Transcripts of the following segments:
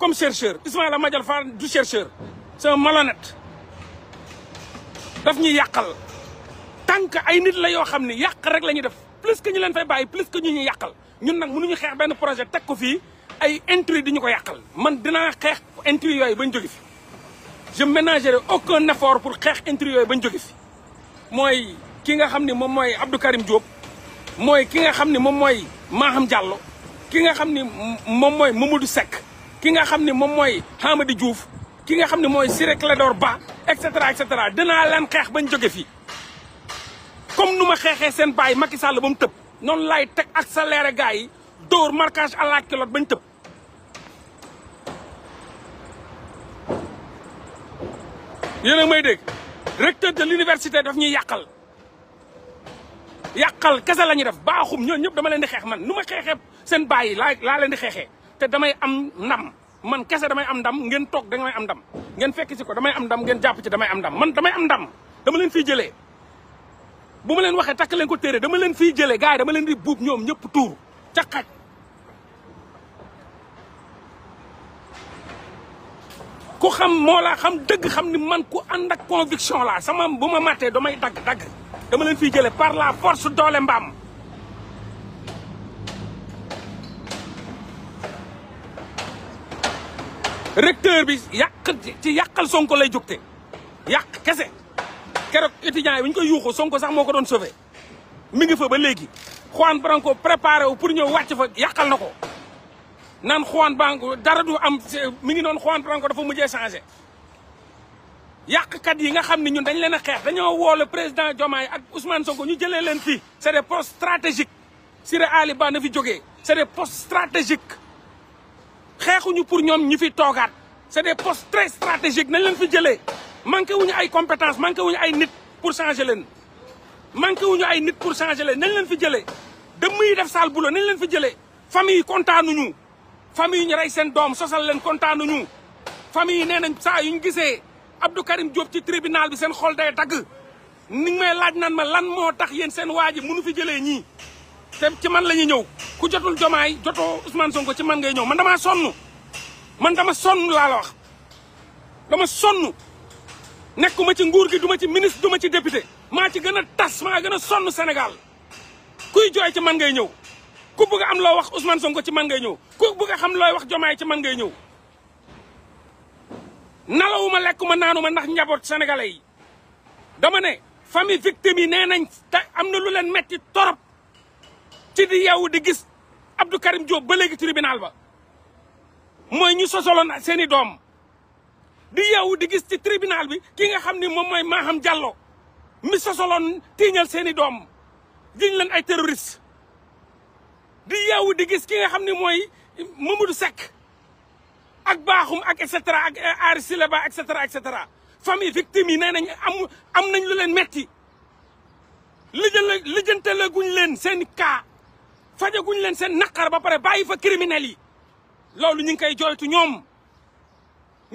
comme chercheur Ismaïla Madior Fall du chercheur sa un malhonnête daf ñu yàqal tant que ay nit la yoo xam ne yàq rek la ñuy def plus que ñu leen fay bàyyi plus que ñu ñu yàqal ñun nag mënuñu xeex benn projet teg ko fii ay intrus di ñu ko yàqal man dinaa xeex intrus yooyu bañ jóge je ménager aucun effort pour xeex intrus yooyu bañ jóge mooy ki nga xam ne moom mooy Abdou Karim Diop mooy ki nga xam ne moom mooy maaxam jàlloo ki nga xam ne moom mooy Mamadou Seck ki nga xam ne moom mooy Hamadi juuf ki nga xam ne mooy Siré Clédor Ba et cetera et cetera danaa leen xeex bañ jóge fii comme nu ma xeexee seen baay Macky Sall ba mu tëb noonu laay teg accéléré gars yi dóor markage à la culotte bañ tëb. yéen a may dégg recteur de l'université daf ñuy yàqal yàqal kese la ñuy def baaxum ñoo ñëpp dama leen di xeex man nu ma xeexee seen baay laa leen di xeexee. te damay am ndam man kese damay am ndam ngeen toog damay am ndam ngeen fekk ci ko damay am ndam ngeen jàpp ci damay am ndam man damay am ndam dama leen fii jëlee bu ma leen waxee takk leen ko téere dama leen fii jëlee gars yi dama leen di buub ñoom ñëpp tuur ca ku xam moo laa xam dëgg xam ni man ku ànd ak conviction laa sama bu ma matee damay dagg dagg dama leen fii jëlee par la force doole mbaam recteur bi yàq ci yàqal Sonko lay jógte yàq kese keroog étudiants yi bu ñu koy yuuxu Sonko sax moo ko doon sauvé mi ngi fa ba léegi Juan Branco préparé wu pour ñëw wàcc fa yàqal na ko naan Juan Branco dara du am mi ngi noon Juan Branco dafa mujjee changé yàqkat yi nga xam ne ñun dañ leen a xeex dañoo woo le président Diomaye ak Ousmane Sonko ñu jëlee leen fii c'est des postes stratégiques Siré Ali a fi jóge c'est des postes stratégiques xeexuñu pour ñoom ñi fi toogaat c'est des postes très stratégiques nañ leen fi jëlee manqué wuñu ay compétence manqué wuñu ay nit pour changer leen manqué wuñu ay nit pour changer leen nañ leen fi jëlee dëmm yi def sale boulot nañu leen fi jëlee famille yi kontaanuñu famille yi ñu rey seen doom sosal leen kontaanuñu famille yi nee nañ saa yu ñu gisee Abdou Karim Diop ci tribunal bi seen xol day dagg ni may laaj naan ma lan moo tax yéen seen waa ji mënu fi jëlee ñii te ci man la ñuy ñëw ku jotul jomaay jotoo Ousmane Sonko ci man ngay ñëw man damaa sonn man dama sonn laa la wax dama sonn nekkuma ci nguur gi duma ci ministre duma ci député ma ci gën a tas maa gën a sonn Sénégal kuy jooy ci man ngay ñëw ku bëgg am loo wax Ousmane Sonko ci man ngay ñëw ku bëgg xam looy wax jomaay ci man ngay ñëw nalawuma lekkuma naanuma ndax njaboot sénégalais yi dama ne famille victime yi nee nañ te am na lu leen metti torop ci di yow di gis Abdou Karim Diop ba léegi tribunal ba mooy ñu sosoloon seeni doom di yow di gis ci tribunal bi ki nga xam ni moom mooy Maham Diallo mi sosoloon tiiñal seeni doom jiñ leen ay terroriste di yow di gis ki nga xam ni mooy Mamadou Seck ak baaxum ak et cetera ak Ari Sileba et cetera fam cetera famille victime yi nee nañ am am nañ lu leen metti lijël lijënteleguñ leen seeni cas fajaguñ leen seen naqar ba pare bàyyi fa criminels yi loolu ñu ngi koy jooytu ñoom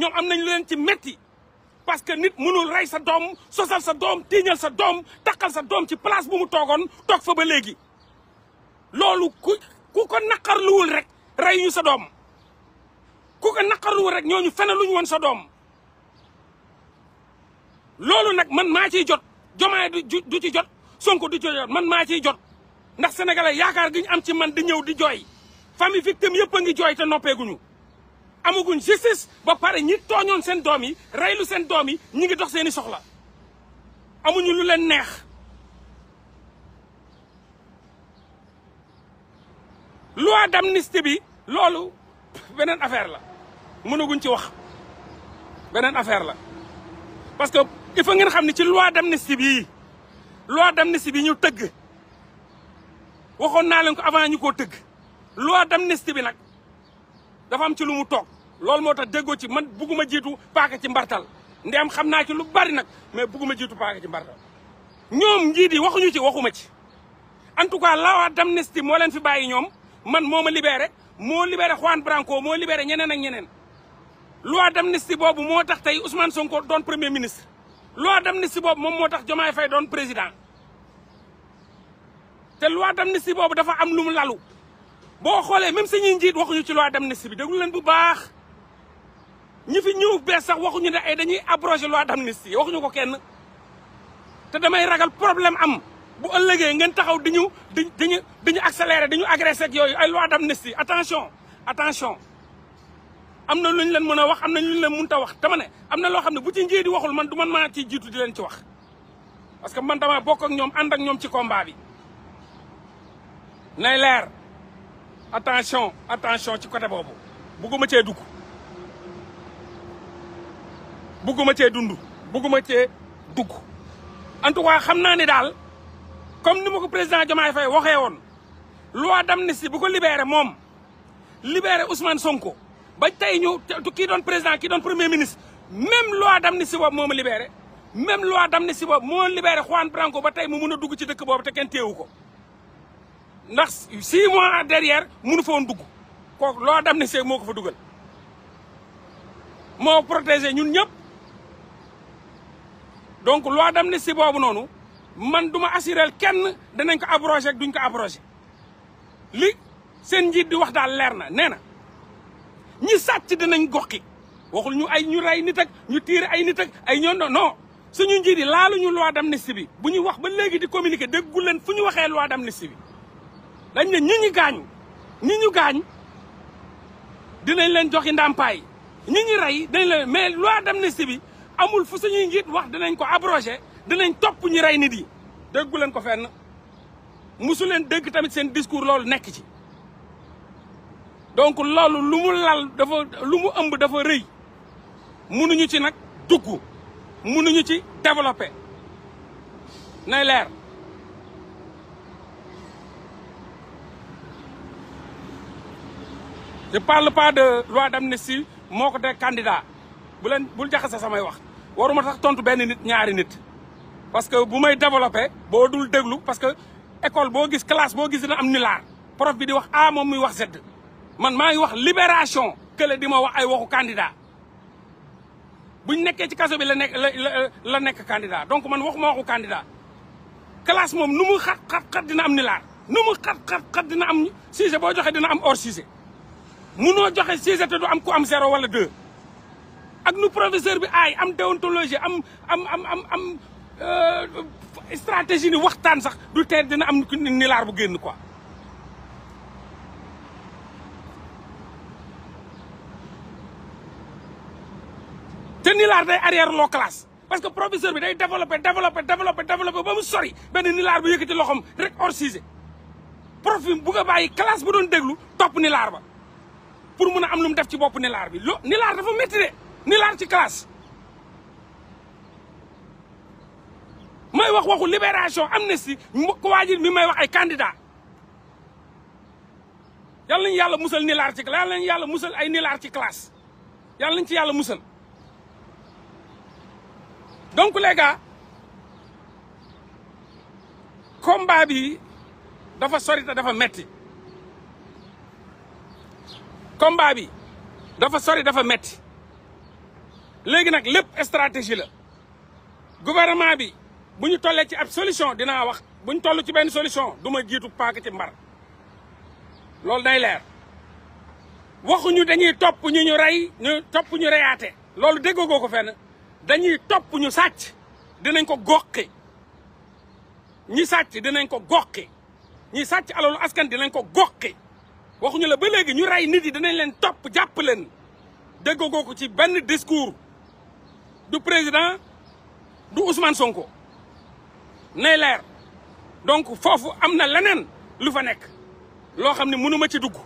ñoom am nañ leen ci metti parce que nit mënul rey sa doom sosal sa doom tiiñal sa doom taqal sa doom ci place bu mu toogoon toog fa ba léegi loolu ku ku ko naqarluwul rek rey ñu sa doom ku ko naqarluwul rek ñoo ñu ñooñu fenaluñ woon sa doom loolu nag man maa ciy jot jomaay du ci jot sonko du ci jot man maa ciy jot ndax sénégalais yaakaar gi am ci man di ñëw di jooy famille victime tem a ngi jooy te noppeeguñu amaguñ justice ba pare ñi tooñoon seen doom yi lu seen doom yi ñi ngi dox seeni soxla amuñu lu leen neex loi dem bi loolu beneen affaire la mënaguñ ci wax beneen affaire la parce que il faut xam ne ci loi d'amnistie bii loi d'amnistie bi ñu tëgg waxoon naa leen ko avant ñu koo tëgg loi d'amnistie bi nag dafa am ci lu mu toog loolu moo tax déggoo ci man bugguma jiitu paaka ci mbartal ndem xam naa ci lu bari nag mais bugguma jiitu paaka ci mbartal ñoom njiit yi waxuñu ci waxuma ci en tout cas loi d'amnistie moo leen fi bàyyi ñoom man moo ma libéré moo libéré Juan Branco moo libéré ñeneen ak ñeneen loi d'amnistie boobu moo tax tey Ousmane Sonko doon premier ministre loi d'amnistie boobu moom moo tax Diomaye Faye doon président te loi d'amnistie boobu dafa am lu mu lalu boo xoolee même suñuy njiit waxuñu ci loi d'amnistie bi déglu leen bu baax ñi fi ñëw bees sax waxuñu ne ay dañuy abroger loi d'amnistie waxuñu ko kenn te damay ragal problème am bu ëllëgee ngeen taxaw di ñu di diñu diñu accélérer di ñu agresser ak yooyu ay loi d'amnistie attention attention am na lu ñu leen mun a wax am na lu ñu leen mënta wax dama ne am na loo xam ne bu ci njiit di waxul man du man maa ciy jiitu di leen ci wax parce que man dama bokk ak ñoom ànd ak ñoom ci combat bi nay leer attention attention ci côté boobu bugguma cee dugg bugguma cee dund bugguma cee dugg en tout cas xam naa ni daal comme ni ma ko président Diomaye fay waxee woon loi d'amnistie bu ko libéré moom libéré Ousmane Sonko ba tey ñu kii doon président kii doon premier ministre même loi d'amnistie boobu moo ma libéré même loi d'amnistie boobu moo libéré Juan Branco ba tey mu mun a dugg ci dëkk boobu te kenn téewu ko ndax six mois derrière mënu fa woon dugg kooku loi d'amnistie moo ko fa duggal moo protégé ñun ñëpp donc loi d'amnistie boobu noonu man du ma assuré kenn danañ ko abrogé duñ ko abrogé li seen njiit di wax daal leer na nee na ñi sàcc dinañ goxi waxul ñu ay ñu rey nit ak ñu tiir ay nit ak ay ñoon non suñu njiit yi ñu laaluñu loi d'amnistie bi bu ñu wax ba léegi di communiqué déggu leen fu ñu waxee dam d'amnistie bi dañ ne ñi ñu gaañ ñi ñu gaañ dinañ leen joxi ndàmpaay ñi ñu rey dañ leen mais loi d'amnistie bi amul fu suñuy njiit wax dinañ ko abrogé dinañ topp ñu rey ni yi déggu leen ko fen musu leen dégg tamit seen discours loolu nekk ci donc loolu lu mu lal dafa lu mu ëmb dafa rëy mënuñu ci nag dugg mënuñu ci développé nay leer je le pas de loi d'amnistie moo ko teg candidat bu leen bul jaxase samay wax waruma tax tontu benn nit ñaari nit parce que bu may développé boo dul déglu parce que école boo gis classe boo gis dina am nilaar prof bi di wax A moom muy wax Z man maa ngi wax libération kële di ma wax ay waxu candidat buñ nekkee ci kaso bi la nekk la la nekk candidat donc man wax ma waxu kandida classe moom nu mu xat xat xat dina am nilaar nu mu xat xat xat dina am sujet boo joxe dina am hors munoo joxe sixième te du am ku am zéro wala deux ak nu professeur bi ay am déontologie am am am am am euh, stratégie ni waxtaan sax du tee dina am ni laar bu génn quoi te nilaar day arrière loo classe parce que professeur bi day développé développé développé développé ba mu sori benn nilaar bu yëkkati loxoom rek hors sujet prof bi bugg a bàyyi classe bu doon déglu topp nilaar ba pour mun a am lu mu def ci bopp nilaar bi lo nilaar dafa métti de nilaar ci classe may wax waxu libération amnistie ko waajir mi may wax ay candidat yàlla nañu yàlla musal nilaar ci yàlla yàlla musal ay nilaar ci classe yàlla nañu ci yàlla musal donc les gars combat bi dafa sori dafa metti combat bi dafa sori dafa metti léegi nag lépp stratégie la gouvernement bi bu ñu tollee ci ab solution dinaa wax bu ñu toll ci benn solution du ma jiitu paaka ci mbar loolu day leer waxuñu dañuy topp ñu ñu rey ñu topp ñu reyaate loolu déggoo ko fenn dañuy topp ñu sàcc dinañ ko goqi ñi sàcc dinañ ko goqi ñi sàcc alalu askan dinañ ko goqi waxuñu la ba léegi ñu rey nit yi danañ leen topp jàpp leen déggoo ko ci benn discours du président du usman Sonko nay leer donc foofu am na leneen lu fa nekk loo xam ne mënuma ci dugg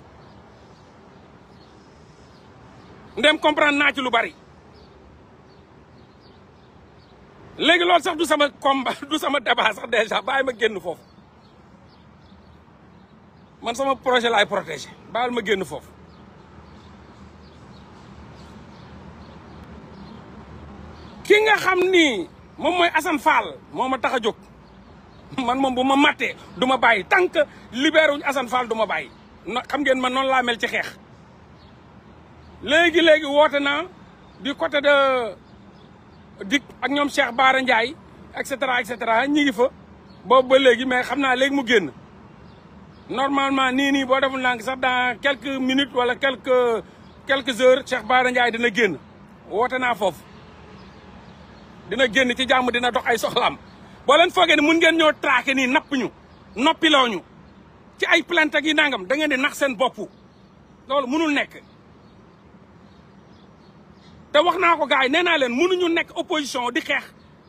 ndem comprendre naa ci lu bari léegi loolu sax du sama combat du sama débat sax déjà bàyyi ma génn foofu man sama projet laay protéger baal ma génn foofu ki nga xam ni moom mooy Assane Fall moo ma tax a jóg man moom bu ma mattee du ma bàyyi tant que libéré wuñ Assane Fall du ma bàyyi xam ngeen man noonu laa mel ci xeex léegi léegi woote naa di côté de dik ak ñoom Cheikh Baara Ndiaye et cetera et ñi ngi fa boobu ba léegi mais xam naa léegi mu génn. normalement nii nii boo deful ndànk sax dans quelques minutes wala quelques quelques heures Cheikh Bara Ndiaye dana génn woote naa foofu dana génn ci jàmm dina dox ay soxlaam boo leen foogee ne mun ngeen ñoo traqué nii napp ñu noppiloo ñu ci ay plainte gi yi nangam da ngeen di nax seen bopp loolu munul nekk te wax naa ko gars yi nee naa leen ñu nekk opposition di xeex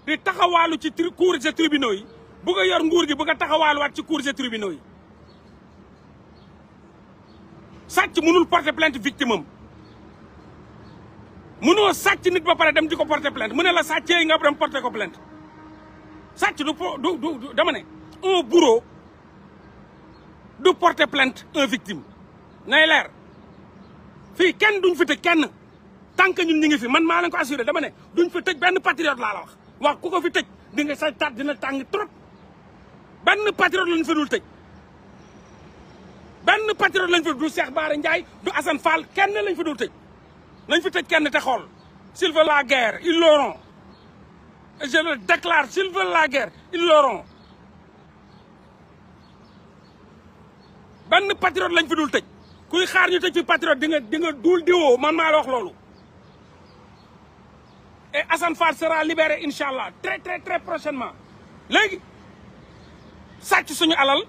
di taxawaalu ci cour des tribunaux yi bëgg a yor nguur gi bëgg a taxawaaluwaat ci cour des tribunaux yi sàcc mënul porter plainte victime am mënoo sàcc nit ba pare dem di ko porter plainte mu ne la sàccee nga dem porter ko plainte sàcc du du du dama ne un bourreau du porte plainte un victime nay leer fii kenn duñ fi tëj kenn tant que ñun ñu ngi fi man maa leen ko assuré dama ne duñ fi tëj benn patriote laa la wax wax ko fi tej di nga sa taat dina tàng trop benn patriote lañ fi dul tëj benn patriote lañ fa du Cheikh Bara Ndiaye du Assane Fall kenn lañ fa dul tëj lañ fa tëj kenn te xool s'ils veulent la guerre ils l'auront je déclare s'ils la guerre ils l'auront benn patriote lañ fa dul tëj kuy xaar ñu tëj fi patriote di nga di nga duul diwoo man maa la wax loolu et Assane Fall sera libéré incha allah très très prochainement léegi sàcc suñu alal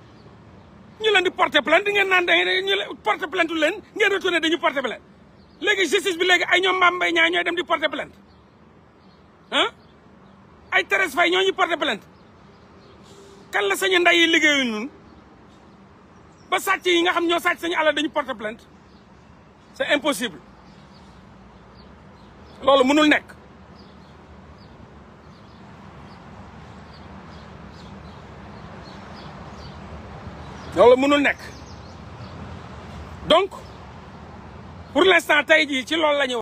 ñu leen di porte plainte ngeen naan da ngeen ñu porter plainte leen ngeen retourné dañu porter plainte léegi justice bi léegi ay ñoom Mame Mbaye ñoo ñooy dem di porter plainte ah ay Thérèse Faye ñoo ñu porter plainte kan la sañu nday yi liggéeyu ñun ba sàcc yi nga xam ñoo sàcc sañu alal dañu porter plainte c'est impossible loolu mënul nekk loolu mënul nekk donc pour l'instant tey jii ci loolu la ñu